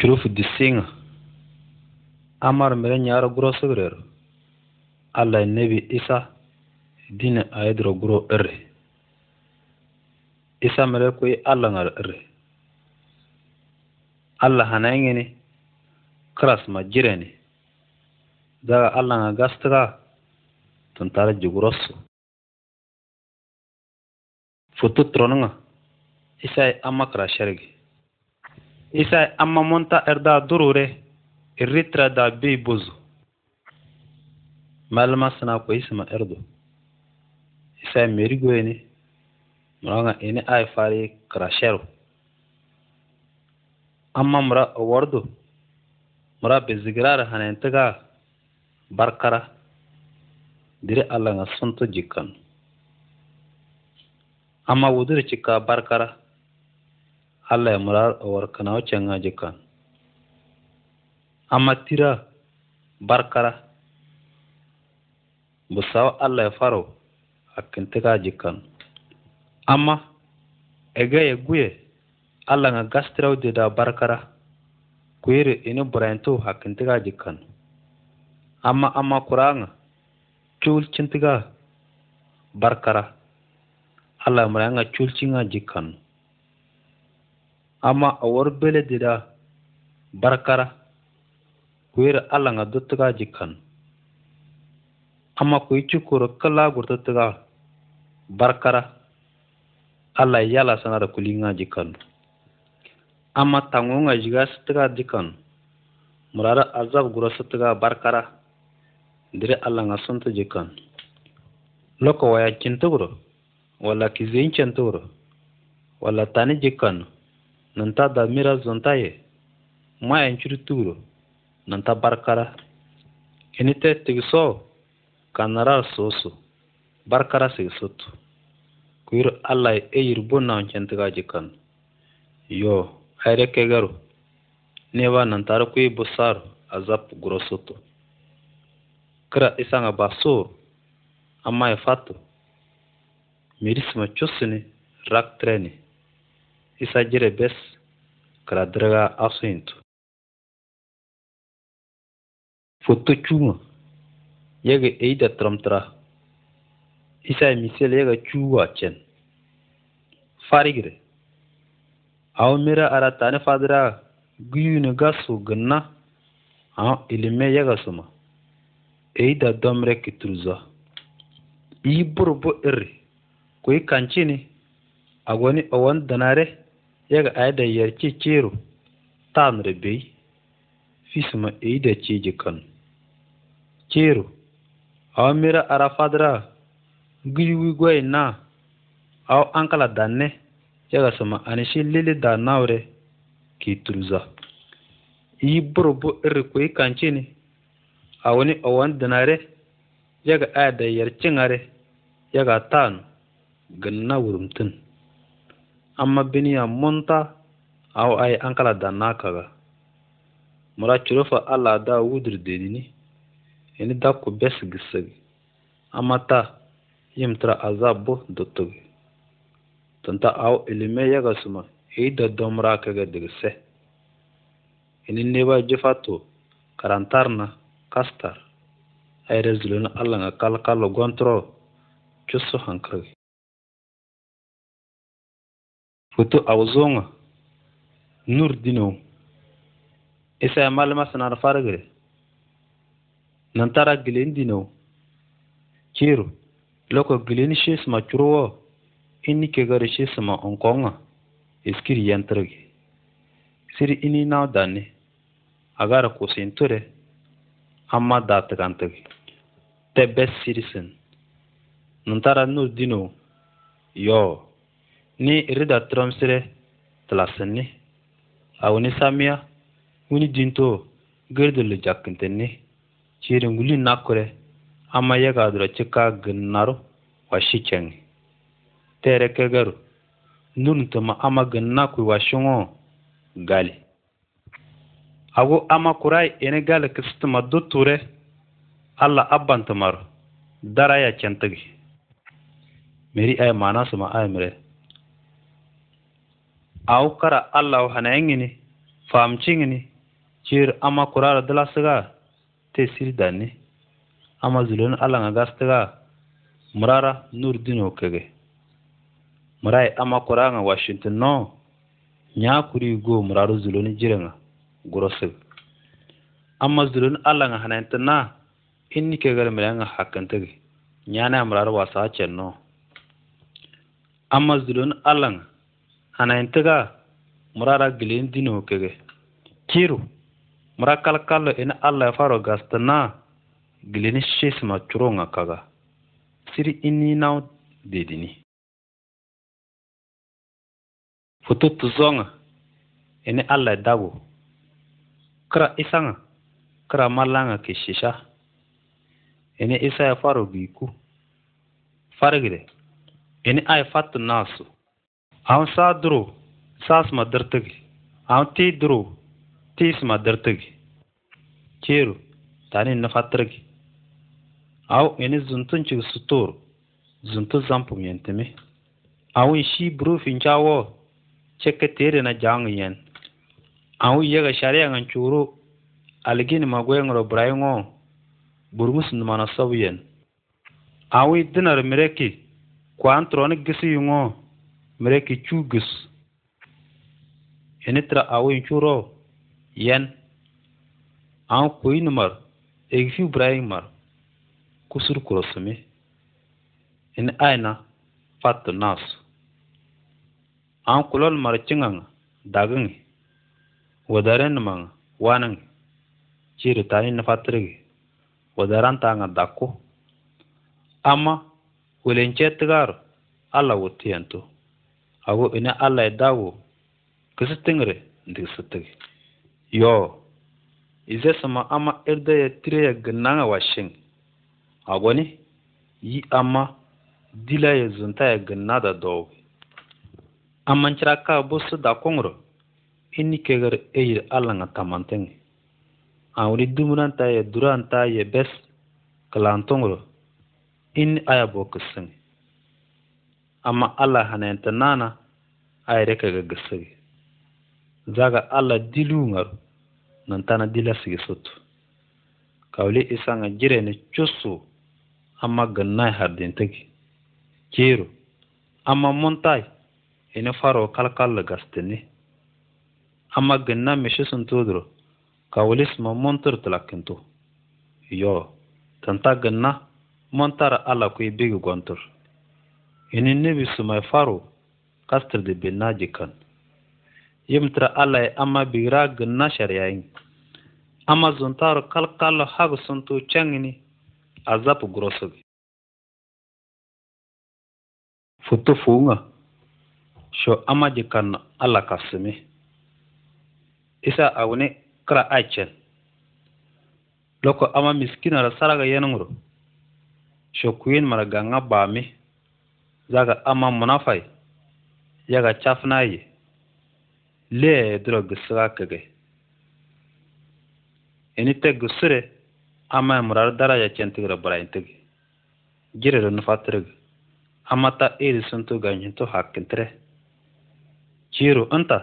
Curufu disiŋa amar mire nyaaro gurosugurero Allai nebi Isa dînaa ai duro guroo ere. Isa mire kôi Alla ŋa ru ere. Alla hanaiŋi ni kiras huma jire ni zaga Alla ŋa gastigaa tinda tara juguroo su. Foto turoniŋa Isai amma kira šerigi. Isa amma monta erda durure irritra da bi bozu. Malama suna ko isma erdo. Isa merigo ne. Muranga ini ay fari krashero. Amma mura wardo. Mura bezigrar hanentaga barkara. Dire Allah nga sunto jikkan. Amma wudur chika barkara. ya murar warkanaw cenga kan amma tira barkara Allah ya faro akkintiga jikan amma ya guye ga gastrau gastraw da barkara kuyiri ini burayentu hakkintiga jikan amma amma kuranga culcintiga barkara alla murayanga culcinga jikan amma a war bele dida barkara kuir alanga jikan. Ama amma yi cukuro kala gurtuttuga barkara ala yala sanara kulinga Ama amma nga jiga sutuga jikan murara azab gura sutuga barkara dire alanga suntu jikan. loko waya cintuguro walla kizincentuuro wala tani jikan. nan-ta da mira zunta ye ma encuri tuguro nan-ta barkara ini te tigso ka narar soso barkara sigisotu kuyir allah e yirbo naun centiga jikan yo hayre kegaru neba nantar kuyi busaru azap gurosotu kira isaŋa amma amai fatu mirisima cusini raktreni isa jire bes kara draga afsintu foto cuma yaga eida tramtra isa misel yaga cuwa chen farigre aw mira ara tani fadra guyune gasu ganna a ilime yaga suma eida domre kitruza i burbo Ko kuyi kancini agoni owon danare yaga ayda yar ceceeru tanre bey fisma ida ceeji jikan cero awa mira ara fadra giyugi na aw ankala danne yaga sama anishi lili da nawre ki turza iyi bo iri koyi kancini awani owan dinare yaga da yar ngare yaga tan ganna wurumtin amma bini ya munta ai an ankala danna kaga mura curofa ala da wudur dedini ini da ku bes gisagi amma ta yim azab azabo dotogi tanta aw ilime yaga suma i da domra kaga digse ini neba jifato karantarna kastar ay rezulun Allah nga kalkalo gontro cusu hankagi Foto awzoŋo nur dino isɛɛ malema sina di farigiri nan tara gilen dino kiro loko gilen shisima curuwo ini kegeri shisima n koŋa iskiri yentirigi sidi ini nau danni agari kusintire amma daa tigantigi te bes sirisin nan tara nur dino yoo ni irida trɔmsirɛ a awuni samiya wuni dinto, girdi li jakkintinni ciirin wuli nakkurɛ amma yaga duro cika ginnaru wa shicengi tere kegeru nurintuma amma ginnakui wa shuŋoo gali agu amma kurai ini gali kisituma duture alla abbantumaru daraya centigi ma'ana ay maanasuma ay mire aw kara allah hanayengini famcingini jir ama kurara dilasiga te siri danni ama zulun allah nga gastiga murara nur dino kege murai ama kuranga washington no nya kuri go muraru zuloni jirenga gurosig amma zuloni allah nga hanayentana inni kegar miranga hakkantigi nyana murar wasa cenno amma zulun allah nga hanayintega murara gilin dino kege kiru mura kalkallo ina allah ya faro gastana gilini shisma curonga kaga siri ini naw dedini futu tuzonga ini allah dabu kra isanga kra malanga ke shisha ini isa ya faro giku fargide ini ay fatu nasu हांव सात दुरो सास मात धरता गे हांव तीस दुरो तीस ta धरता गे चेरू A नफात्र गे au ene zuntun chig sutor zuntu zampum yen teme au shi brufin chawo cheke tere na jang yen au yega sharia ngan churu algin magoyen ro braingo na numana sabu A au dinar mireki kwan tron gisi yungo Ini chugus enitra awin churo yen an kuyin mar egfi ibrahim mar kusur kurosumi in aina fatu nas an kulol mar cingan dagang wadaren mang wanan ciri tani na fatirgi wadaran ta dakku amma wulence ala wutiyanto ago ina Allah ya dawo kisi tingre ndi sitigi yo ize sama ama irda ya tire ya gannanga wa shin agoni yi ama dila ya zunta ya ganna da dow amman cira ka busu da kongro inni kegar eyir Allah nga tamanteng awni dumuranta ya duranta ya bes kalantongro in aya bokisingi amma allah hanayanta nana ayre kaga gasagi zaga allah dilungaru tana dila sigi sotu kawli isanga jirene cusu amma gannai hardintagi kero amma montai ina faro kalkalla gastini amma ganna mishi sun tuduro kawlis ma montur tulakinto yo tanta ganna montara ala kui bigi gontur inin bi sumai faro da bin najikan jikan ala alai amma bira ginna shari'ayin amma zuntaro kalkalo hagu a zafi grosso grosugi futu funga sho amma jikan ala kasimi isa a' wani kra aichen loko amma miskina ra saraga yenungro sho kuyin mara ganga mi zaka ama munafai yaga chafnayi le dro gisra kage eni te gusure ama murar daraja chentigra braintig girere nufatrig amata iri suntu ganjintu hakkintre chiro anta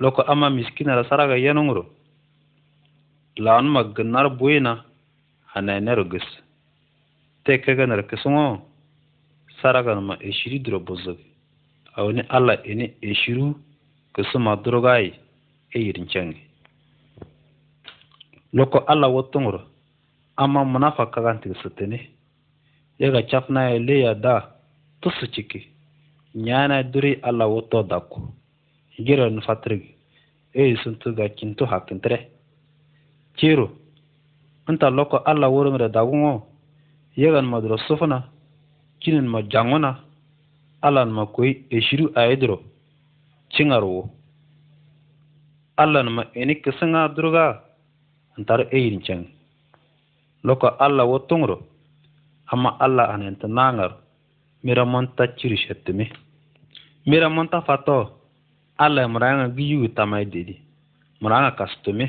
loko ama miskinara saraga yenungro laanuma ginnar buyina hanayneru gis te kegenar kisungo saraka saraganma eshiri duro bozuk. Awni ala eni eşiru kısma durgay eyirin çengi. Loko ala wottungro ama munafa kagantik sitini. Yaga chafnaya leya da tusu chiki Nyana duri ala wotto dako Gira nufatrigi. Eyi suntu kintu hakintre Ciro. Nta loko Allah worumre dagungo. Yagan madro sufuna. chinin ma jangona alan ma koi eshiru aydro chingarwo alan ma eni kisanga druga antar eirin chang loko alla wotongro amma alla anenta nangar mira monta chiri shettimi mira monta fato alla muranga giyu tamay e dedi muranga kastumi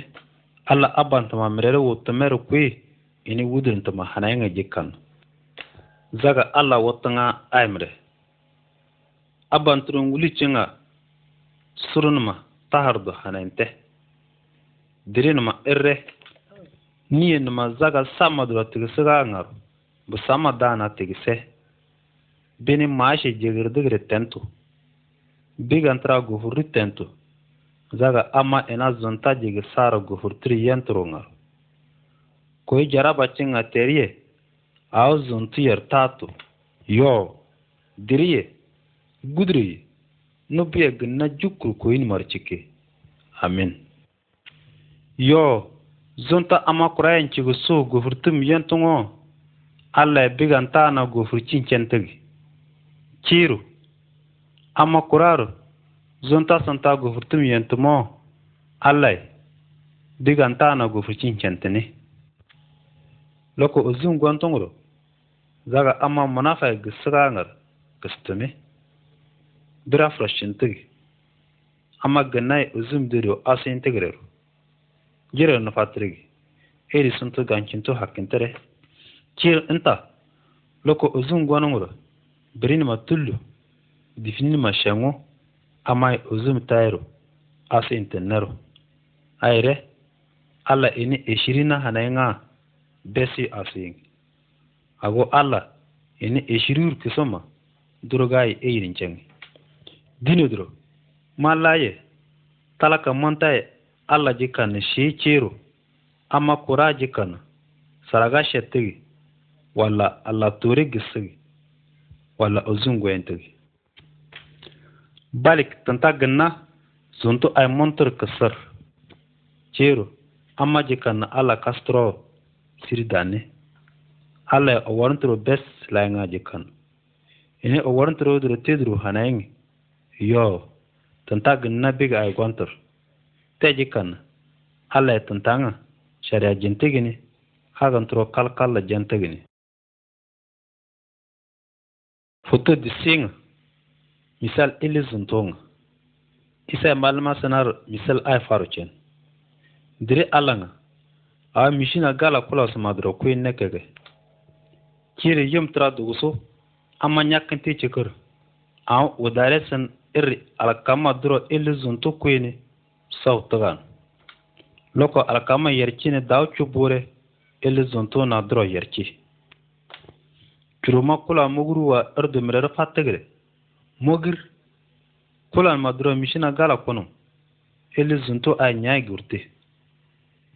alla abantama mirere wotumero kwe ini wuduntama hanayanga jikkan zaga ala watanga aimre abanturun wulicinga surunuma tahardo hanainte dirinuma irre niyenuma zaga samadura tigisiga ŋaru bu sama dana tigise bini maashi jegirdigiri tentu bigantira gofurri tentu zaga ama ina zunta jigisara gofurtiri yenturu ŋaru koyi jarabacinga teriye auzuntiyar tatu yo diriye gudriye nubiye gina jukur koyin marcike amin yo zunta ama kurayen cigu so gofurtum yentungo alla na gofurcin centigi ciru ama kuraru zunta santa gofurtum yentumo alla na gofurcin centini loko uzun gontungro zaga amma munafa gisirangar gistime frashin tigi amma ganai uzum dirio asin integrero jira na fatrigi eri sun to gankin to hakkin tare kir inta loko uzum wuro birin ma tullu difinin ma shango amma uzum tayro asin tenero aire ala ini ishirina hanaynga besi asin ago allah ene eshirur kisoma durgai eirin cengi dino duro malaye talaka Allah alla jikana shi cero amma kura jikana saraga shetigi wala Allah tori gisigi walla entigi balik tanta gna zuntu ay montur kisir ama amma na Allah kastro siridane alla o warntoro bes layŋaji kan ine o warntorodoro tedro hanayiŋ yo tinta ginna big ay gontor teji kan alla e tintaŋa sharia jintigini hagantoro kalkalla jantigini foto sing misal ilizun tong isa malma sanar misal ay farucen dire alanga a mishina gala kulos madro kuin nekege kire yem tra duguso amma nyakante ci kër an udare sen iri alkama duro ili zuntu kuini saw tagan loko alkama yerci ni daw cubure ili zuntu na duro yerci curuma kula muguru wa irdu mirar fatigire mugir kula ma duro mishina gala kunu, ili zuntu a nyai gurte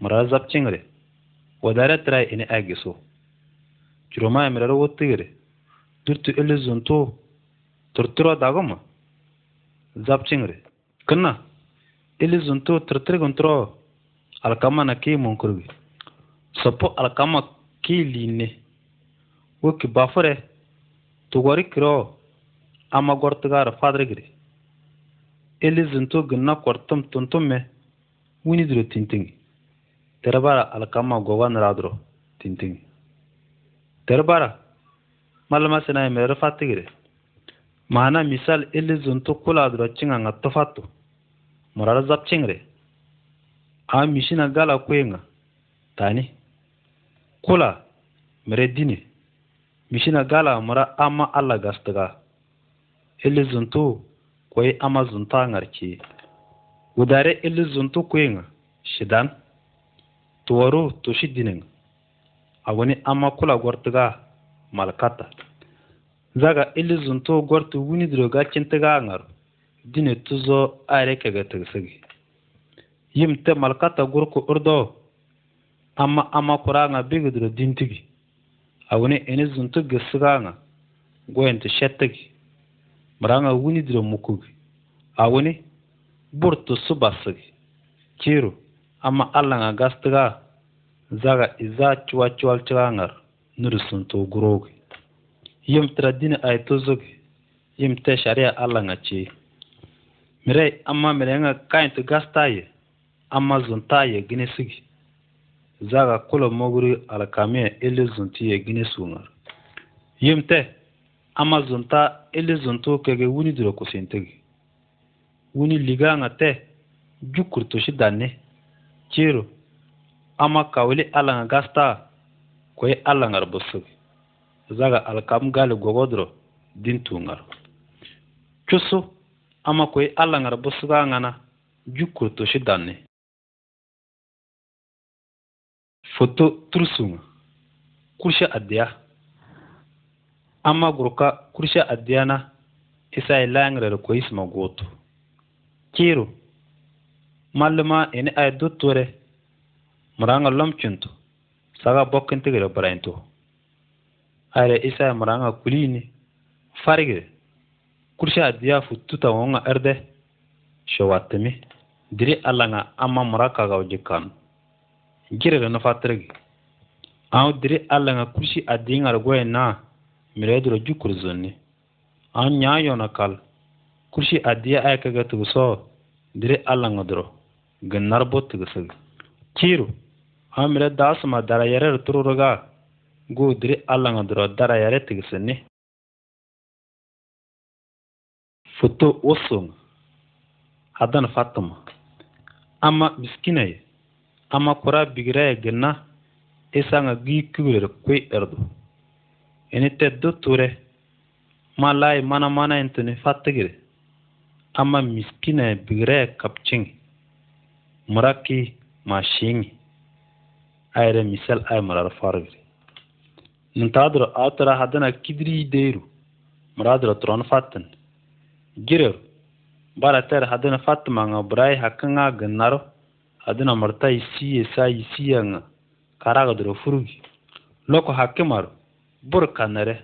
mara zapcingire wadare tra ini agiso Jiroma ya mre re wote gire. Dirti ele zontou trotiro da goma. Zab chen gire. Kena, ele zontou trotir gontro alakama na keye mwankor gire. Sapo alakama keye li ne. Ou ki bafore, to gori kiro amagort gare fadre gire. Ele zontou genak wartom tontome, mwini dure tintingi. Terebara alakama gogan radro tintingi. bara, malama sina rufa tigiri. mana misal ili zuntu kula duro cinga nga tofatu murar zap cingre a mishina gala kuyenga tani kula mire dini mishina gala mura ama alla gastaga ili zuntu koyi ama a ŋarci. udare ili zuntu kuyenga shidan tuwaru tushi dininga agoni amma kula gortiga malakata zaga ili zunto ilizunto gorti winidiro gacintiga ngar dine tuzo arekega tigsigi yimte malkata gurku urdo amma amma kuranga bigidiro dintigi agoni inizunto gisiga nga goyenti shettigi maranga winidiro mukugi agoni burtu subasigi ciro amma allah nga gastiga zaga iza cuwa cuwal cirangar nur sun to guroge yim tra dini ay to zog yim te sharia ala nga ce mire amma mire nga kain to gastaye amma zuntaye gine sigi zaga kula moguri alkamiya ili zuntiye gine sungar yim te amma zunta ili zunto kege wuni duro kusintigi wuni liga nga te jukur to shi danne ciro ama kawili alanga gasta koy alangar busug zaga alkam gali gogodro din tungar cusu ama koy alangar busuga ngana jukkur toshi danni foto tursunga kursha adiya ama gurka kursha adiya na isa ilangrar koy isma goto kiru malluma ini ay dottore muranga lomcinto saga bokkintigire barainto ayre isa muranga kulini farigire kursha diya futtuta arde? erde showattimi diri allanga amma murakagaw jikkan jirire nufattirigi aw diri allanga kursi addiŋar goye na mireduro jukur zonni An ɲa yona kal Kursi kurshi addiya ayekege tuguso diri allanga duro ginnar bo tigisigi ciiru ha mire daasuma dara yerer tururuga guu diri allaŋa duro dara yare tigisini futu usuŋ hadan fatuma ama biskinaye ama kura bigiraye ginna isaŋa gii kibirer kui erdu ini te du ture ma layi mana manayintini fatigiri ama miskinaye bigiraye kapciŋ murakii ma shiŋi ayre misal ay marar fargri intadro atara hadana kidri deru maradro tron fatan girer bara ter hadana fatma nga brai hakanga gannaro hadana martai siye sai siyanga karaga furugi loko hakimar bur kanare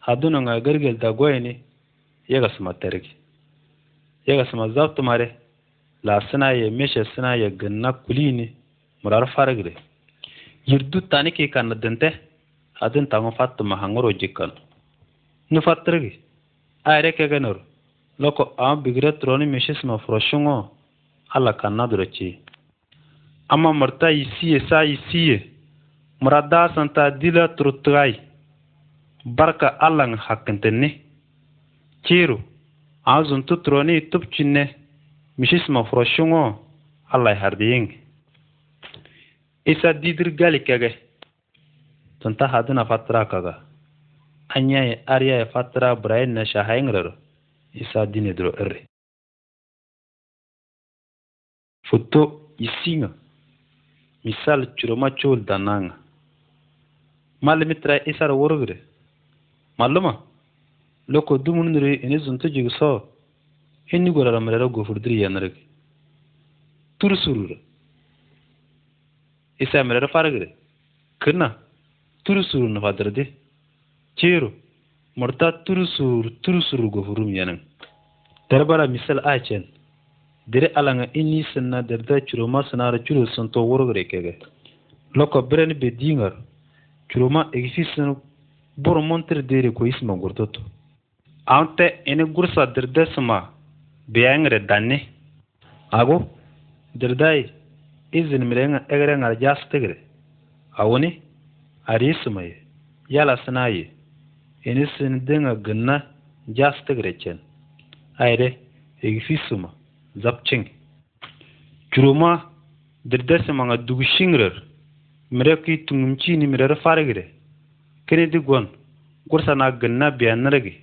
haduna nga gargel da goyne yaga suma tergi yaga suma zaptumare la sina ye meshe sina ye ganna kulini murar fargre yirdu tani ki kan dinte adin tango fattu mahangoro jikkan nu fattirgi ayre kegenor loko am bigre troni mishis ma froshungo ala kanna durochi ama marta isiye sa isiye murada santa dila turutgai barka alang hakkintinni ciru azun tu troni tupcinne mishis ma froshungo ala hardiyingi isa didir gali kege ta haduna fatra kaga anyaye aryaye fatra brain na shahayingraro isa dine dro irre foto isinga misal curoma col dananga malimitra isar worgre malluma loko dumunre ini zuntu jigso inni gorara mrera gofurdir yanreg tursurura isemirere farigire kina turusuru nufadirdi ceru murta turusuru turusuru gofurum yenin derbara misal acen diri alanga ini sinna derda curoma sinara curo sinto wurgire kege loko bireni be dingar curoma egisi sin bur montir deri ko isma gurtutu ante ini gursa dirde sima beyaŋire danni ago dirdayi izin mirenga egrengar jas tigre awuni arisimaye yala yi ini sin dinga ginna jas tigre chen ayre egifisuma zapching juruma dirdesimanga dugushingrer mire ki tungumchini mirer farigre kinidi gon gursana ginna biyanirgi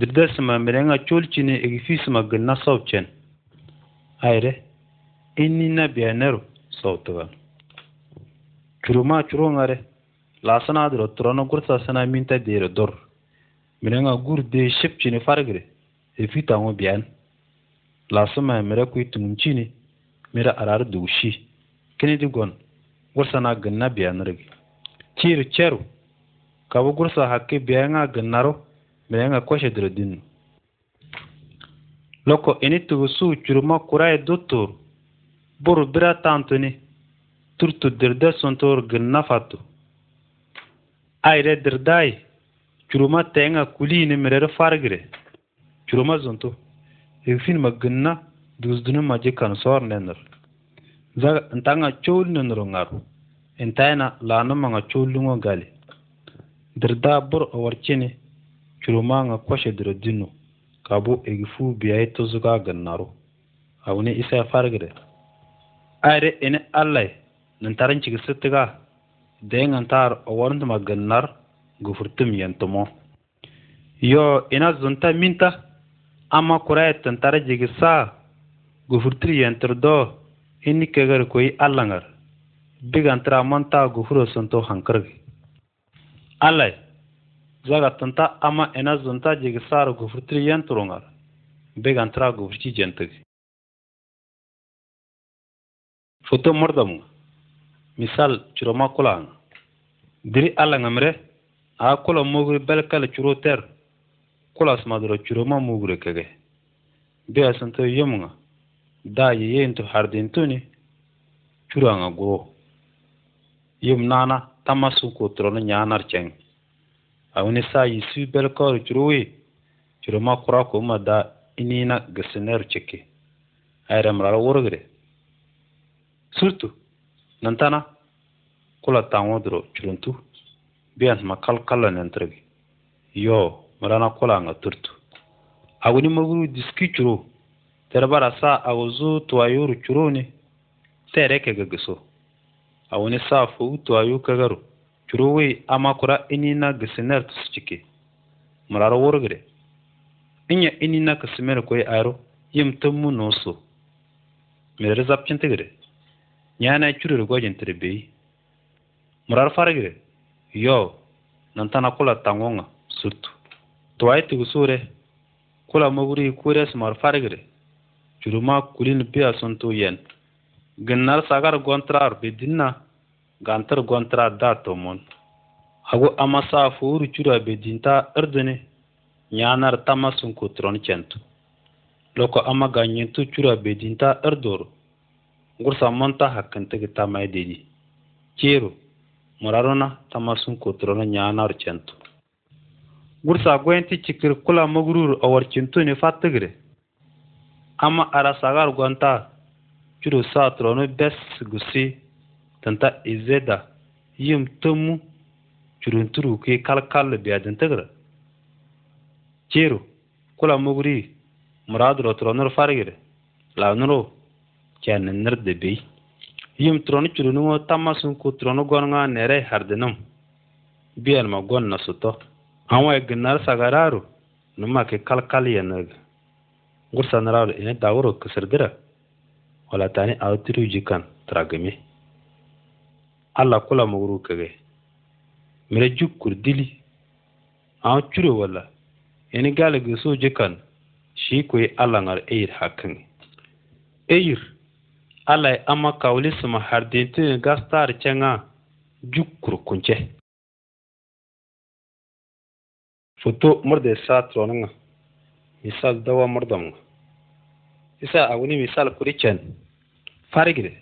dirdesima mirenga cholchini egifisuma ginna sobchen ayre innina biyeneru sautuga curuma curongare lasanadiro turono gursasana minta dere dor minenga gur de E fita efitango biyan lasuma mire kui tungumcini mire arar dugshi kinidi gon gursana ginna biyanirigi ciru ceru kabu gursa hakki biyanga ginnaro minenga koshediro dinnu loko ini tugu su curuma kuraye dottoru buru bira tantuni turtu dirde sontor gin nafatu. Ayre dirday curuma tenga kulini merer fargire. Curuma zuntu, Evfin ma gınna duzdunu maji kansor nenir. Zaga intanga çoğul nenir ngaru. Intayna lanu manga çoğulungo gali. Dirda bur awarçini curuma nga kwashe dirdinu, Kabu egifu biyayi tozuga gınnaru. Avuni isa fargire. ayre ene allay nantaran tar deyengantar oworuntuma gannar gufurtum yentumo yo ina zunta minta ama kuraya tantara jigisa gufurtir do ini kegar koi allangar bigantira manta gufuro sunto hankirgi allay zaga tanta ama ina zunta jigisar gufurtir yenturungar bigantira gufurci jentigi foto mordam misal curoma kulan diri ala ngamre a kula mogri belkal curo ter kula smadro curoma mugre kege be asanto yomnga da tuni hardintuni curanga go yum nana tamasu ko trono nyanar ceng awni sa yisu belkal curowe curoma kura ko ma da inina gesiner cheke ayram ral wurgre surtout nantana kula tango duro churuntu biyan ma kal kala nantrebi yo marana kula nga turtu aguni maguru diski churu terbara sa aguzu tuayuru churuni tereke gagaso ni sa fu tuayu kagaru churuwi amakura inina gisiner tuschike mararo worgre inya inina kasimer koy aro yimtummu noso mere zapchintigre ñana curere gojentere beyi murar farigire yo nantana kula tangonga surtu tuwayi tugu kula moguri kure sumar farigire curuma kulin biya suntu yen ginnar sagar gontrar bedinna gantar gontrar da tomon agu amasa furu cura dinta erdene ñanar tama sunku tron centu loko ama ganyintu cura dinta erdoro gursa monta hakkante gi tamay dedi kero murarona tamasun kotorona nyaanar cento gursa gwenti cikir kula magruru awar cintu ne fattigire ama arasagar gwanta curo sa trono bes gusi tanta izeda yim tomu curunturu ke kalkal biyadin tigira kero kula maguri muraduro tronor farigire launuro kyani da bi yim turoni churunuŋo tamma sun ku turonu gonŋa nere hardinum ma gon na suto haŋwe ginnar sagararu ke kalkal ina gursaniraru wuro dawuro kisirgira wala tani awtiru jikan tragimi alla kula muguru kage mere jukur dili aw curo wala ini galigi so jikan shi koyi ngar eyir hakkiŋi eyir alay ama kawlisma hardintiŋ gastar ceŋa juk kunce foto murde sa tronŋa misal dawa murdamŋa isa wuni misal kuricen farigire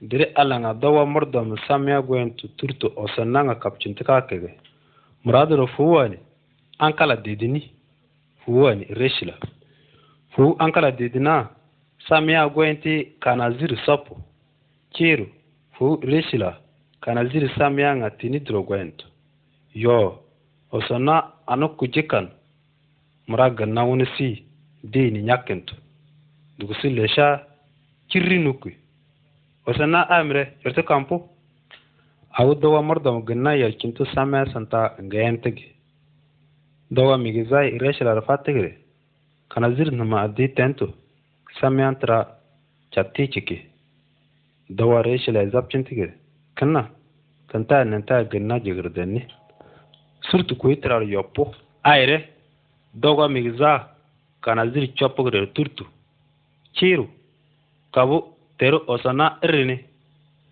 Ala alaŋa dawa murdam samya gwen tuturto osannaŋa kapcintika kege muraduro fuwani ankala didini fuwani reshila fu an kala dedina samiya gwenti kana ziri sopu kiru fu rishila kana ziri samiya nga tini duro yo osona anu kujikan mura na wuni si dini nyakento dukusi lesha kirri nukui osana amre yertu kampu awu dowa mordom ginna yalkintu same santa ngayentegi dowa migizai ireshila rafatigiri kana zir numa adi tento samyantra chatti chiki dawa reshila zapchin tigir kanna kanta nanta ganna denni surtu kuyi tirar yoppu aire dogo migza kana zir chopugre turtu chiru kabu teru osana irini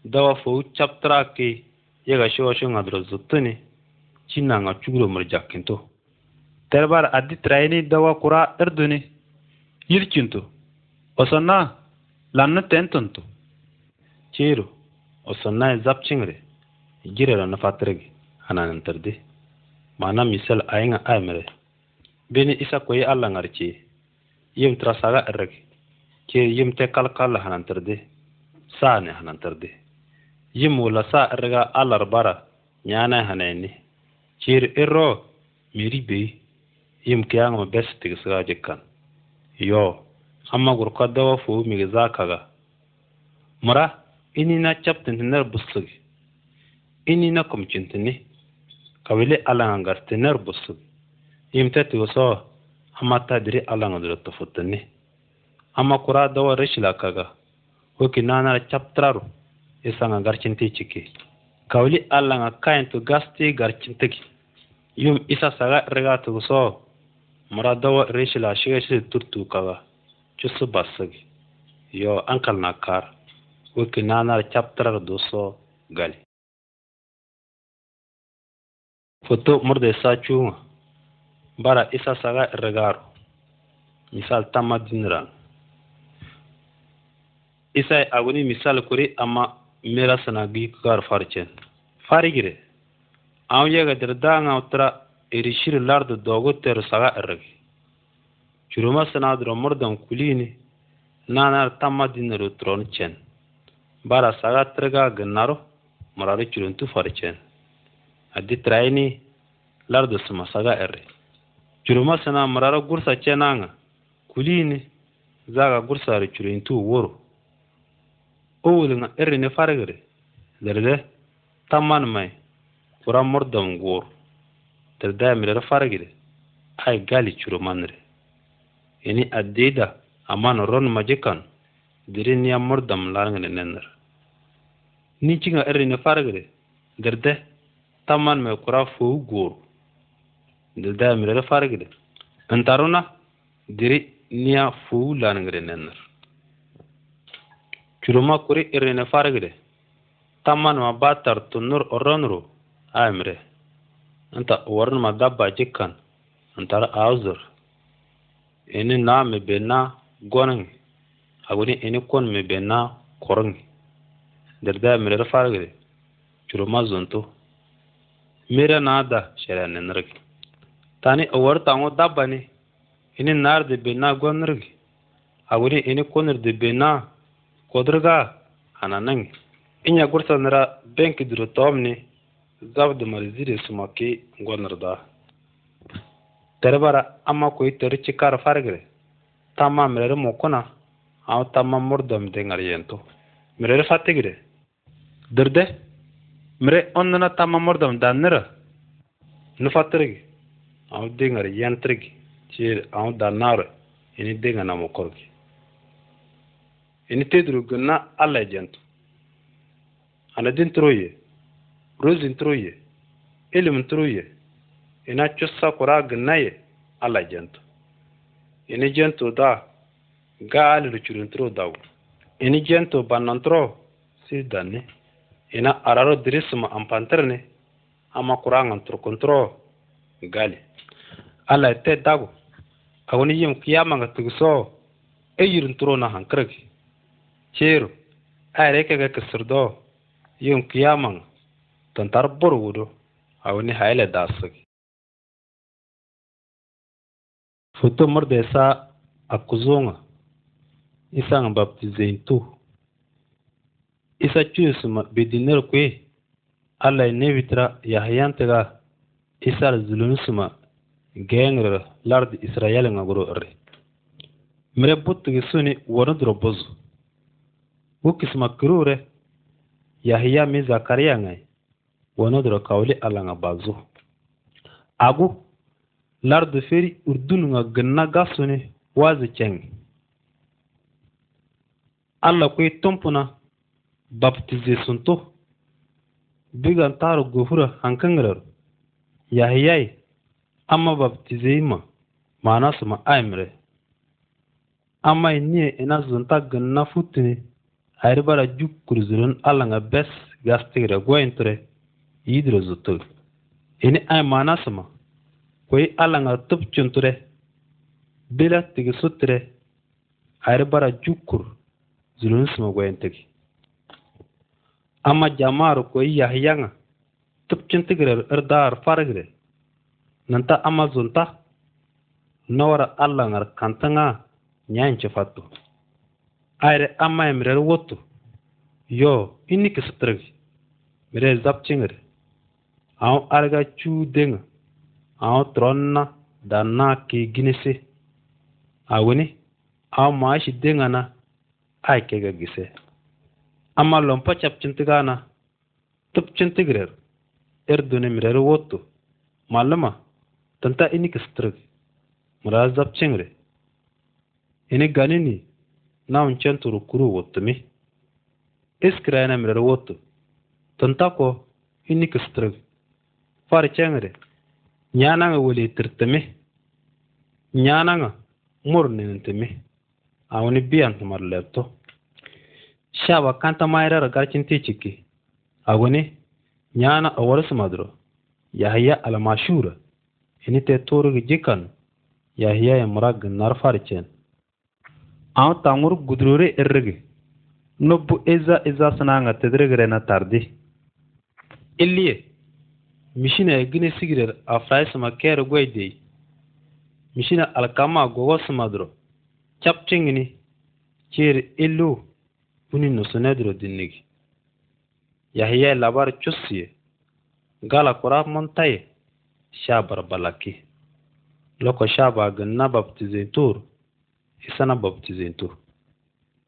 dawa fowu chaptra ki yaga shoshu ngadro zuttuni chinna nga chugro murjakinto terbar adi traini dawa kura irduni yirchinto Osanna, lanna tentonto. Chiru, osanna e zapchingre, gire e ranna fatregi, ananantardi. Mana misal ayinga aymere. Bini isa koyi alla ngarci, yim trasaga erregi, ke yim te kalkalla hanantardi, saane hanantardi. Yim wula sa errega allar bara, nyana hanayni. Chiru irro, miri beyi, yim kiyangama besi tigisiga jikkan. Yoo. amma gurka dawa fo mi za kaga mura ini na chaptin tinar busug ini na kumchin tini kawili alangar tinar busug imta so amma ta diri alangar tufutini amma kura dawa rishila kaga hoki nanar chaptraru isanga ka chiki kawili alanga kaintu gasti garchintiki yum isa saga regatugu so mura dawa rishila shiga shi turtu kaga cusu basig yo ankal na kar wiki nanar chaptrar duso gali foto murde sa chunga bara isa saga regaro misal tama dinra isa aguni misal kuri amma mera sana gi kar farchen farigire aw yega dirda nga utra irishir lard dogo ter saga ergi curuma sẽna d murdẽn kuliini naana d tãmbã dĩnã d tʋron chɛn bara saga tɩrga gennaro mura d tu fari fɔr a dɩ tɩra y ni la d sẽma saga ɛrre curuma sẽna mura d gʋrsa kuli kuliini zaga gursa d curum tɩ woro o wilŋa ɛrre ni farigre dirde tãmbã nɩmay kʋra murdem gʋʋr tɩ d daamɩ d farigde a y gali curumanire ini addida aman jikan diri niya ya murdam larngene nenner ni cinga erine fargre derde tamman me kura fou goor dilda mirere fargre antaruna diri niya fou larngre nenner curuma kuri erine fargre tamman ma batar tunur oronru amre anta warnma dabba jikkan antara awzur ini na mi benna gonin aguni ini kon mi benna korin da mi der fargre ma zonto mira na da shara ne nirg tani awar tango dabba ne ini nar de benna a aguni ini konir er de benna kodrga ananang inya gursa nira benki duro tomni zabdu marizire sumaki da. tere bara amma koy tere cikar fargire tamma mirere mukuna aw tamma murdom de ngar yento mirere fatigire dirde mire onnana tamma murdom dannira nu fatirigi aw de ngar yantrigi ci aw dannaro ini de ngana mukorgi ini tedru gunna alla jento ana din troye rozin troye ilim troye ina cussa kura gnaye ala jento ini jento da gaali rucurintiro daw ini jento banantro si danni ina araro dirisma ampantirni ama ngantro kontro gali ala ite dagu awoni yim kiyamanga tuguso e yirintro na hankirgi ceru ke ga kisirdo yim kiyama tantar burwudo awoni awuni hayile Foto de sa akuzonga. isa nga baptize intu. isa cuyusuma bidinero kwe alay nebitra isa isar zulunisuma gengrir lardi israyale nga guro re mire buttigi suni wonuduro buzu wukisuma kirure yahya mi zakariya ngai wonuduro kawli ala nga bazu agu lardu feri urdun nga gna ne wazi ceng Allah kwe tumpuna baptize sunto bigan taru gofura hankangirar yahiyai amma baptize ma mana su ma aimre amma niye ina zunta gna futini ayir bara juk kurzurun Allah nga bes gastigira gwainture yidira zutur ini ay mana su ma koy alanga tup chunture bila tigi suttire ayri bara jukur zulun sima goyen tigi amma jamaaru koy yahyanga tup cuntigirer irdaar farigire nanta amazon ta nowara alangar kantanga nyanci fattu ayri amma yimirer wotu yo ini kisutirigi mire zapcingir aw arga cuu denga na dan na ki ginisi awini aw maashi dingana ay kega gise amma lompa chapcintigana tupcintigrer er duni mirer wottu malluma tanta ini kistrig mura zabcingre ini ganini naun centuru kuru wottumi iskrayna mirer wottu tanta ko ini kistrig far cengre ñananga weletir timi ñananga mur ninin timi awuni biyan tumar lepto shaba kanta mayrara garcin ti ciki aguni a awar sumadro yahya almashura ini te torugi jikan yahya ya murag narfarcen aw tangur gudrore errigi nobbu eza eza sananga tedrigirena tardi illiye mishina gine sigirer afrai sama kere gwaidei mishina alkama gogo samadro chaptingini cer elu buni nosonedro dinnigi yahya labar cussiye gala kura montaye shabar balaki loko shaba ganna baptizentur isana baptizentur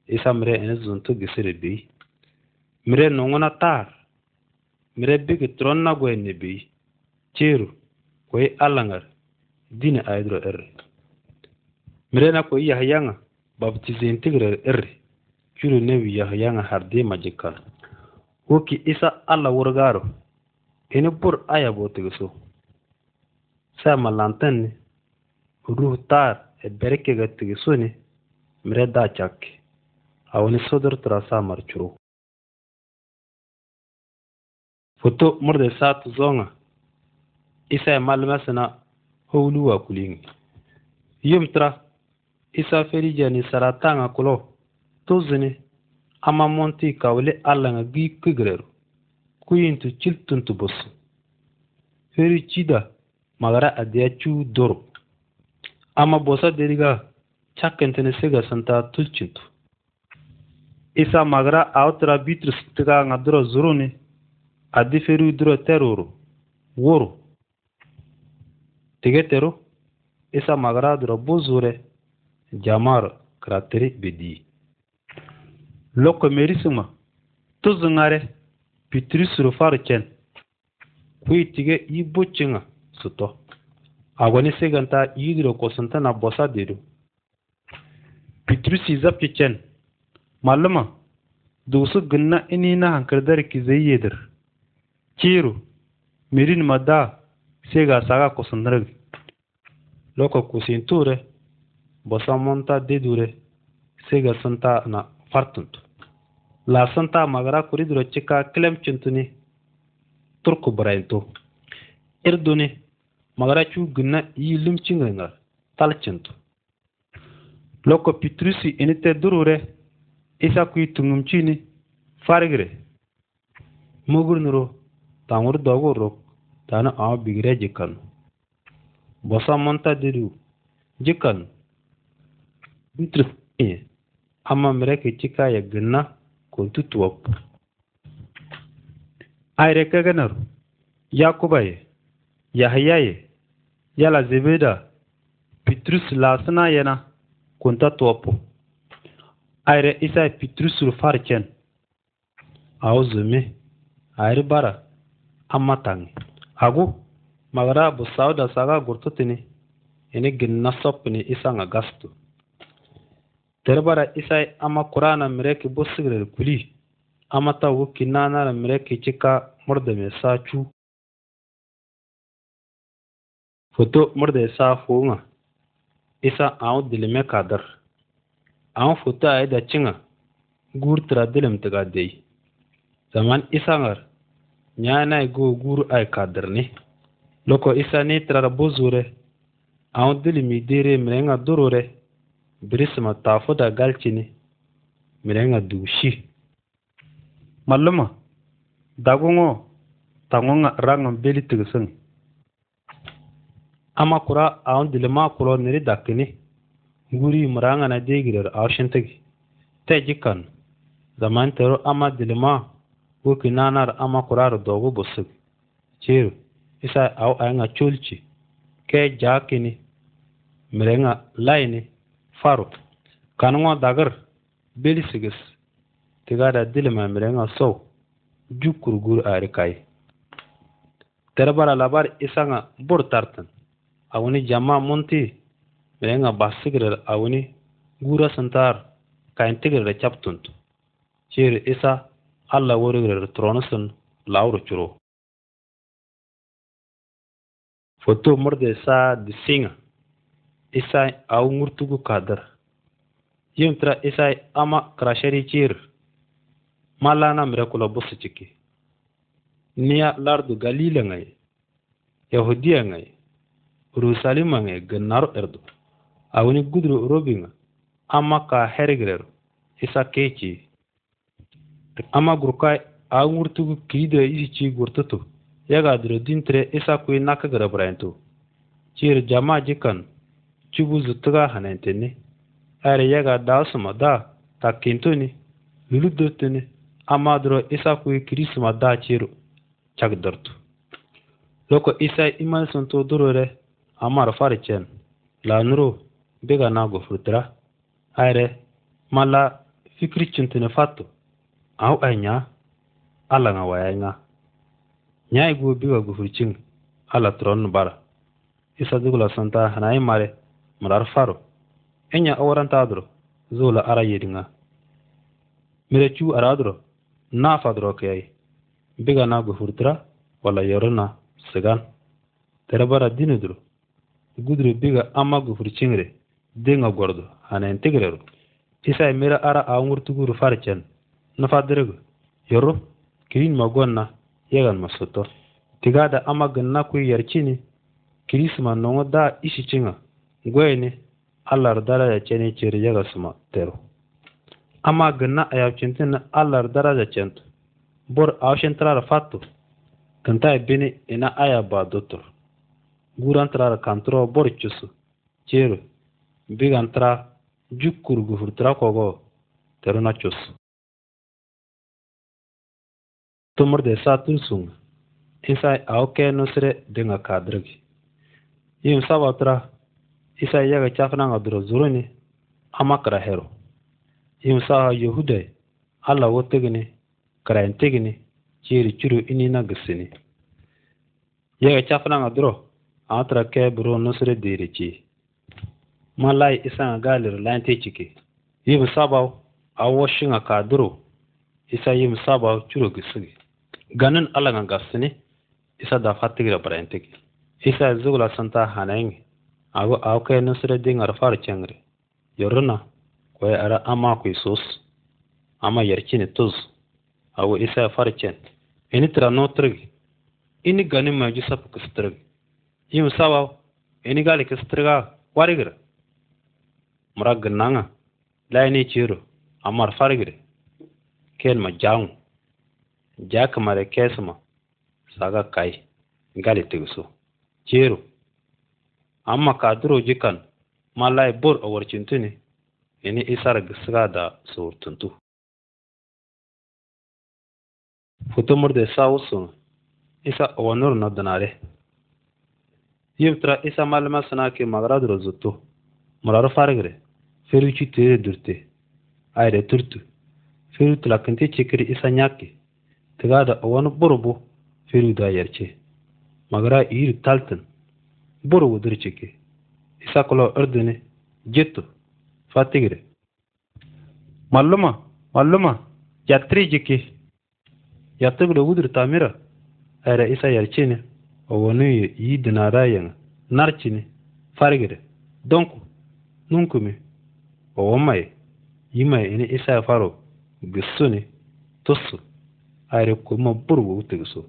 isa mire ene zuntu gisire bei mire nongona tar mirebbiki tronna goyenne beyi ceeru koye alangar dine dina ayidiro mire na ko yahyanga baptisintigirere erre curu newi yahyanga hardima ko ki isa alla wurgaro ene pur aya botigiso sama ne ruh tar e berkega tigisuni mire da cakke awani sodor tra samar marchuru hoto murde saatu zonga. Isa malma sana howlu wa kulingi. Yum Isa ferija ni saratanga kulo. Tuzini. Ama monti kawle alanga gi kigreru. Kuyintu chiltuntu bosu. Feri chida magara adiya chu doro. Ama bosa deriga chakentene sega santa tulchintu. Isa magara autra bitrus tiga ngadura zuruni. addi feru duro teruru tige tigeteru isa magara duro buzure jamar krateri bedi loko merisuma tuzungare pitri suru farcen kui tige i bucinga suto agoni siganta yi duro tana bosa dedu pitri si chen maluma dusu ginna inina na hankardar ki zai yedir Ciro, mirin madda sega saga kusunreg. Loko kusinture, bosamonta dedure, sega santa na fartunt. La santa magara kuriduro cika kilem cintuni, turku braintu. Irduni, magara cu gina yi limcingrengar, tal cintu. Loko pitrusi inite durure, isa kui tungumcini, farigre. Mugurnuro, taŋur doguruk tani au bigire jikan bosomonta didu jikan bitrusnie eh, ama mireke cika ya ginna kontu tuwop ayre kegener yakubaye yahiyaye yala zebeda bitrus lasina yena konta tuwopu ayre isa bitrusur farcen awo zumi ayri bara amatang agu magara bu sauda saga gurtutini ini ginna isa nga gastu terbara isai ama qur'ana mireki bu sigrer kuli ama ta wukki nanara mireki cika murdame sachu foto murde sa funga isa aw dilime kadar aw foto ay da cinga gurtra dilim tiga dey zaman isangar nyana go guuru ay kadrni loko isa ni tirara bozore aw dilimi dere mirenŋa dorore birisima taafuda galchini mrenga dushi malluma dagungo taŋuŋa rangam beli tigisiŋ ama kura aw ma kulo niri dakini guri mranga na degirar arshintigi tejikan zaman tero ama dilima wuki nanar ama kurar dogu busuk ciru isa au anga chulchi ke jakini mirenga laini faru kanungo dagar bilisigis tigada dilima mirenga sow jukurgur ari kai terbara labar isanga bur tartan awuni jama munti mirenga basigir awuni gura santar kain tigir da captuntu ciru isa alla worigirar Tronson lauro curo foto murde sa singa, isai au ngurtugu kadar yimtra isai ama krasheri cir malana mirakula busu ciki niya lardu galila ngai yahudiya ngai rusalima ngai gannaru erdu awuni gudru robinga ama ka herigrer isa kechi amma gurka a ngurtu kida ichi gurtutu yaga duro dintre isa kui naka gara braintu chir jama jikan chubu zutuga hanentene are yaga dasuma da ta takintuni luludurtuni amma duro isa kui kirisma da chiru chagdurtu loko isa iman sunto amma amar farichen la nuro bega na gofurtra are mala fikri chuntune fatu. aw nya ala nga waya nga nyai go biwa gu furcing ala tron bara isa dugula santa hanai mare marar faro enya awaran tadro zola ara yedinga mire chu aradro na fadro kayai biga na gu furtra wala na sigan tere bara dinidro gudru biga ama gu furcingre denga gordo hanen tigrero isa mira ara a fari farcen nufadirgu yoru kirin magonna yegan masoto Tigada da na kuyi ku yarkini kirisma nungu da ishicinga gweni allar daraja ceni ceri yaga suma teru ama ginna ayabcintin allar daraja centu bor awshin tarara fatu kanta bini ina aya ba dotur guran tarara kantro bor cusu ceru bigan tara jukur gufur tira kogo teru na cusu tumurde sa tun sunga isa nga nusre dinga kadrigi yim sabatra isa yaga chakna nga duro zuruni amakra hero yim sa yehude alla wotigni krayentigni chiri churu ini na gisini yaga chakna nga duro atra ke buro nusre diri chi malai isa nga galir lanti chiki yim sabaw awoshinga kadru isa yim sabaw churu gisigi ganin alagan gasini isa da gira parentik isa zugula santa hanayingi agu awke nusre dingar far chengri yoruna kwe ara ama kui sus ama yerchini tuz agu isa far chent ini tira notrigi ini gani maju sapu kistrigi yim sabaw ini gali kistriga warigira murag nanga laini chiru amar farigiri ken jaungu jakmare kesma saga kai ngali tigso ceru amma kaduro jikan malai bor awarcintuni ini isar gisga da futumur de sausun isa awanur na danare yibtra isa malma sanaki magradro zuttu murar fargre feruci tere durte ayre turtu feru tulakinti cikiri isa nyaki da awani burbu feruda yarce magra ir taltin burbu isa kula urdini, jettu fatigre malluma malluma yattri jiki yattugre wudur tamira ayra isa yerchini ne yi dinara yang narchini farigre donku nunkumi awamaye yimaye ini isa faro gissuni tussu arekuma burgu utegso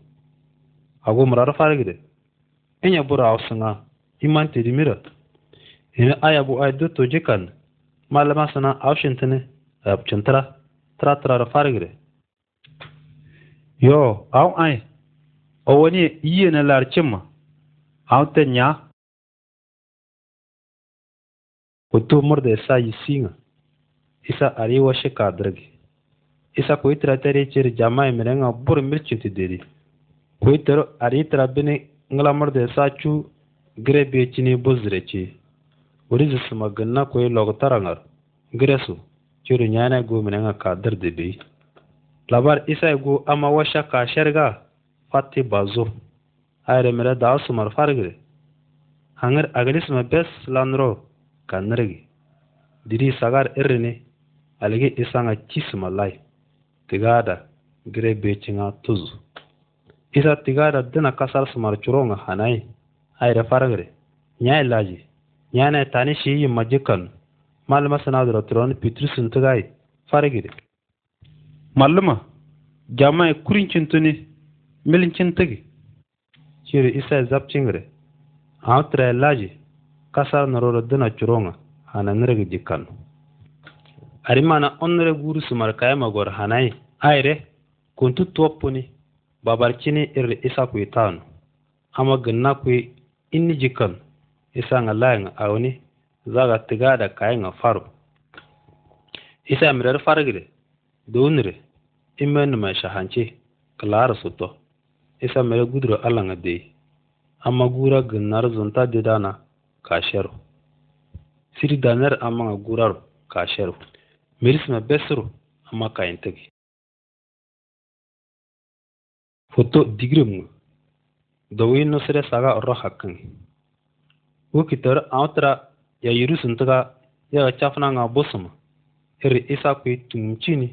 agumra rafarigide enya bura awsanga imante dimira ina aya bu ay dotto jekan malama sana awshintene abchantara tra tra rafarigide yo aw ay o woni yiyena larchima aw tenya ko murde sa yisinga isa arewa shika isa ko kuitira tere chiri jama imire nga bur mirchi ti deri kuitira aritira bini ngalamar da sa chu gire bi chini buzre ci uri zisma ganna koi log tarangar gire su chiri nyana go mire nga dar de bi labar isa go ama washa ka sharga fatti bazo ayre mire da sumar fargire hangar agalisma bes lanro kanrigi diri sagar isa aligi ci chisma lai tigada gire becinga tuzu isa tigada dina kasar sumar curonga hanai ayre fargre nyai laji nyane tani shi yimma jikkanu malma turon turoni sun tigai fargire malluma jamai e kurincin tuni milincin tigi ciri isa e zapcingre aw tira laji kasar naroro dina curonga hana nirgi jikkanu arimana onre guru sumar kaya magor hanai aire kuntu babar babarcini irri isa ku itanu ama ganna ku inni jikan isa nga layin awni zaga tiga da kaya nga faru isa mirar fargire donire imen mai shahanci klara suto isa mere gudro ala nga dei ama gura zonta zunta didana kasheru siri daner ama nga kasheru mirisma besru ama kayen tagi foto digrim dawin no sere saga orro hakkan wo kitar awtra ya yurusun taga ya chafna nga bosuma her isa ku tumchini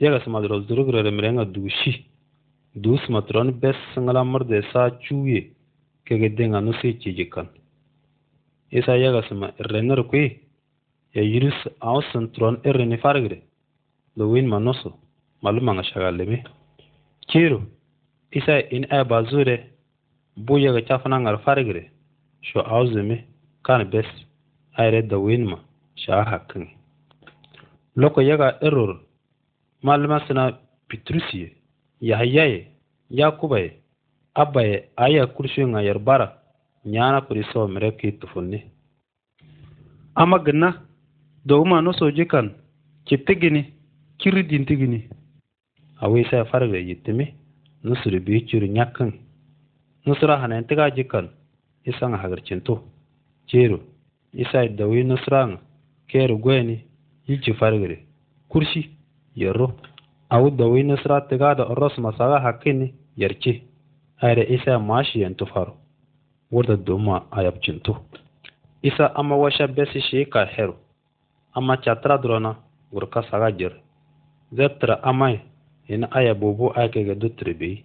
ya ga sama dro dro gre mrenga dushi dus matron bes sangala murde sa chuye kege denga no se chijikan isa ya ga sama renner ku ya yiris aw sẽn tʋrn d ni fargre la wẽnma noso malum kero isa in a e bazure bu yaga cafanangar fargre sho aw kan bes ayre da winma shaa hakkẽnge loko yaga error malma sẽna pitrus ya yahya ya yakuba ye abba ye a yaa kursuyenga yar bara yãana pʋd y sao dogumano soji kan kitti gini kiri dinti gini awi sai farga yittimi nusuri bi ciri nyakin nusura hanen tiga jikan hagar hagarcinto jero isa dawi nusran keru gweni yilci fargire kursi yarro Awi dawi sura tiga da oros masaga hakini yarci Aire isa mashi yantu faro wurda ayab ayabcinto isa ama washa besi shi ka heru ama catra durana gurka saga jir zeptra amai ina aya bubu akege dutre bei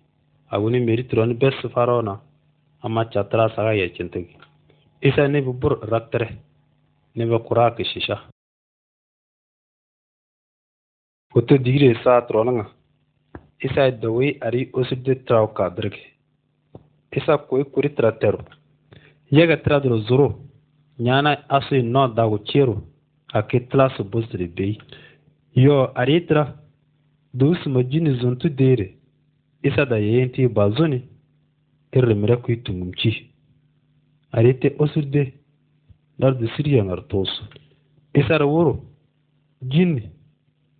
aguni meri turani bes farona ama catra saga yechintegi isa ne bubur raktre ne ba kura kishisha hoto digire sa tronanga isa dawi ari osibde trau kadrege isa koi kuri tratero yaga tradro zuru nyana asu no dago chero akitla subusri bei yo aritra dus majini zuntu dere isa da yenti bazuni irrimire kui tungumci arite osurde dardu siriya ngartosu isar wuro jini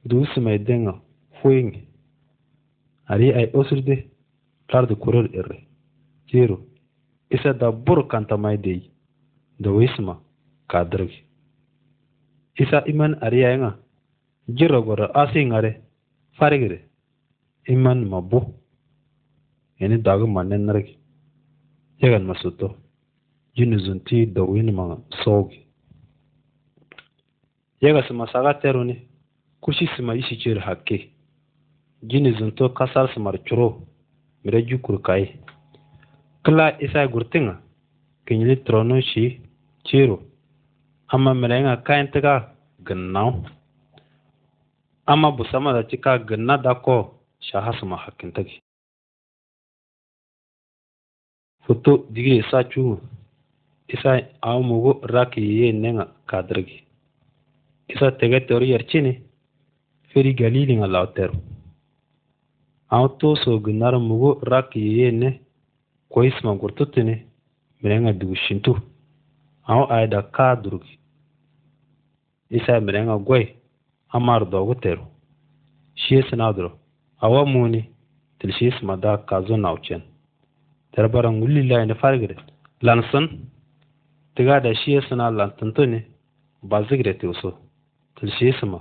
dus mai denga fuingi ari ay osurde dardu kurer irre jero isa da bur kanta mai dei da wisma kadirgi isa iman ariyayanga jiro goro asingare farigire iman mabu ini dagu manen narki yagan masuto jini zunti dawin ma sogi yaga sima saga teruni kushi sima isi jir hakke jini zunto kasar simar curo mire jukur kai Kila isa gurtinga kinyili trono shi chiro Amamrenga kaintiga genau. Ama busama da cika gna dako shahasuma hakintagi. Futu digi isa chu isa aumugu raki ye nenga ke Isa tege teori yarchini feri galili nga lauteru. Aw to so mugu raki ye ne koisma gurtutini mrenga tu? da ayda durgi isa mirenga goy amar dogu teru shies nadro awa muni til shies mada kazo nauchen terbara ngulli la ne fargre lansan tiga da shies na lantantuni bazigre tiuso til shies ma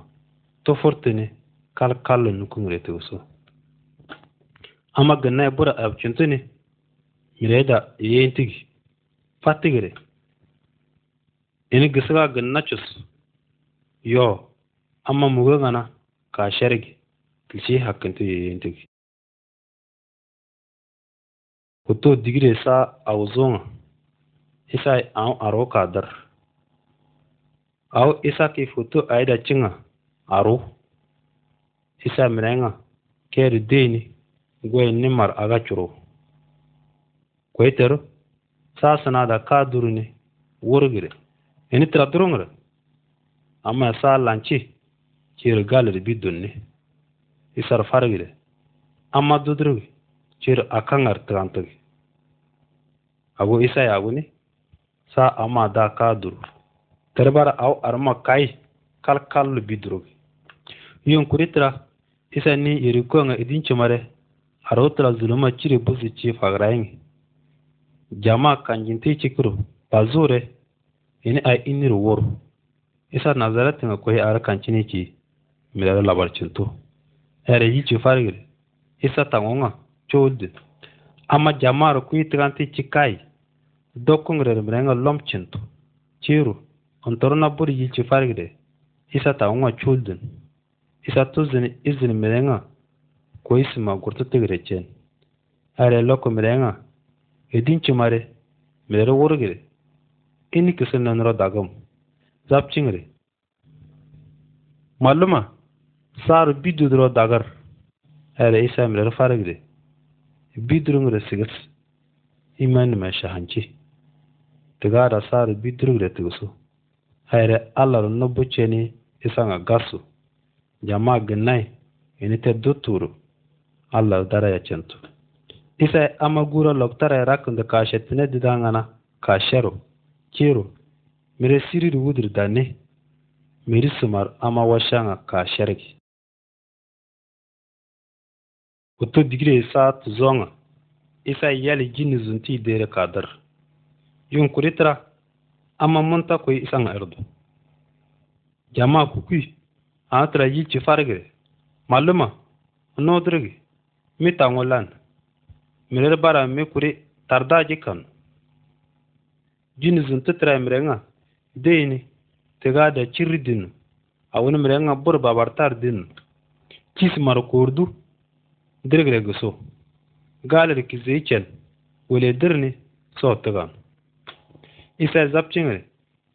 to fortini kal kallo nukungre tiuso ama ganna bura abchintuni mireda yentigi fatigre ini gisiga gin nachus yo amma mugo gana ka shargi tilshi hakkintu yeyentigi kuto digire sa awzonga isa aw aro kadar aw isa ki futu aida cinga aro isa mirenga keri deni gwe nimar aga curo sa sasana da kadurni wurgire ini tira durungri amma sa lanchi chiri galir bi dunni isar fargide amma dudurgi chiri akangar tirantigi agu isai aguni sa amma da ka duru terbara au arma kai kal kallu bi yun kuri tira isa ni iri konga e idin chumare aro tira zuluma chiri busi chi jama kanjinti chikuru bazure ini a inir wur isa nazarati ma kohi ara kanchini chi milada ere ereji chi farigir isa tangonga choddi ama jamaro kui tiganti chikai dokungrer mrenga lomchintu chiru ontorona buri ji chi farigire isa tangonga choddin isa tuzdin izin mrenga koisima gurtu tigire chen are loko mrenga edin chimare milada wurgire ini kisinanira dagam zab chingri malluma sar bidudro dagar ere isamlere farigri bidrungre sigir iman me shahanchi tigara sar bidrugre tigusu hayre allar nubbu cheni isanga gasu jama gnai ini te duturu allar daraya chentu isa amagura loktara rakunda kaşetine didangana kaşero. kero mere siriri wudur dane meri sumar ama washanga ka shargi kutu digire sa zonga isa yali jini zunti dere kadar yun kuritra ama munta isa nga erdo jama kukui anatra yi ci maluma nodirgi mita tangolan Mere bara mi kuri tardaji jini zunta tira mirenga deyini tiga da chirri dinu awuni mirenga bur babartar dinu kis mar kordu dirgire giso galir kizi chel wale dirni so tiga isa zapchingre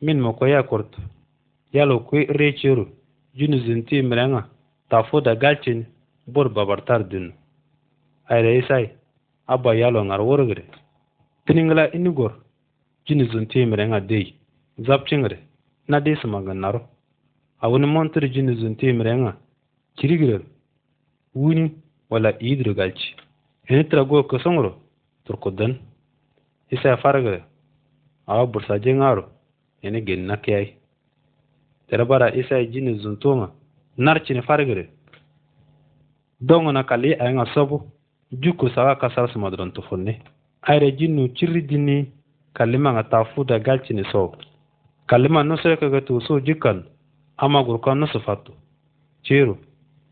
min ma koya kortu yalo kwe rechiru jini zunti mirenga tafu da galchini bur babartar dinu ayra isai abba yalo ngar wurgire tiningla inigor jini te mire nga dei zaptingre na sama samaga naro awuni montir jini te mire nga kirigiro wuni wala tra galci hini trago turko turkudan isa fargre awa bursa jengaro hini na kiyai terbara isa jini zuntoma narcini fargre dongo na kali ayanga sobu juku sawa kasar sumadron tufunni ayre jinnu chiri dini kalima nga tafu da galci ni so kalima nusu ka tu so jikan ama gurkan nusu fatu ciru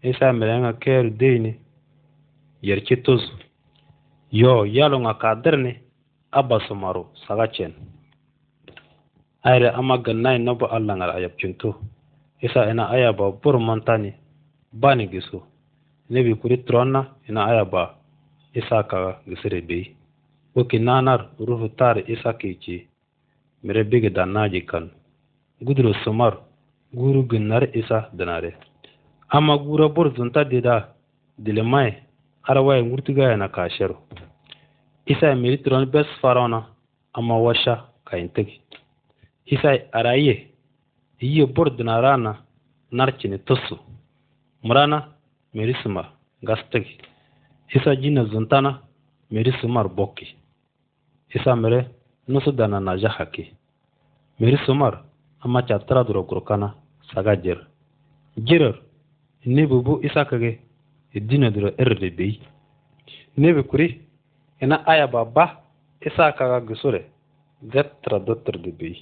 isa mere nga keru deini ci tuz yo yalo nga kadir ni abba sumaru saga cen aire ama gannai nabu allah nga ayab cintu isa ina aya ba bur mantani bani gisu nebi kuri tronna ina aya ba isa ka gisire bei okinanar ruhutar isakece mirebig dannaji kan gudro sumar guru ginnar isa danare amma gura bor zunta dida dilemai arwaye ngurtigaya na kashero isa militron best farona amma washa kayintegi isa araye iye bor dinarana narcini tusu murana merisumar gastegi isa jina zuntana merisumar bokki isamere nusudana na jaxaki meri sumar ama catara duro gurkana saga jer jirer nebubu isakage dina duro erre bei nebi kuri ina aya babba isakaga gisure detra dottorde bei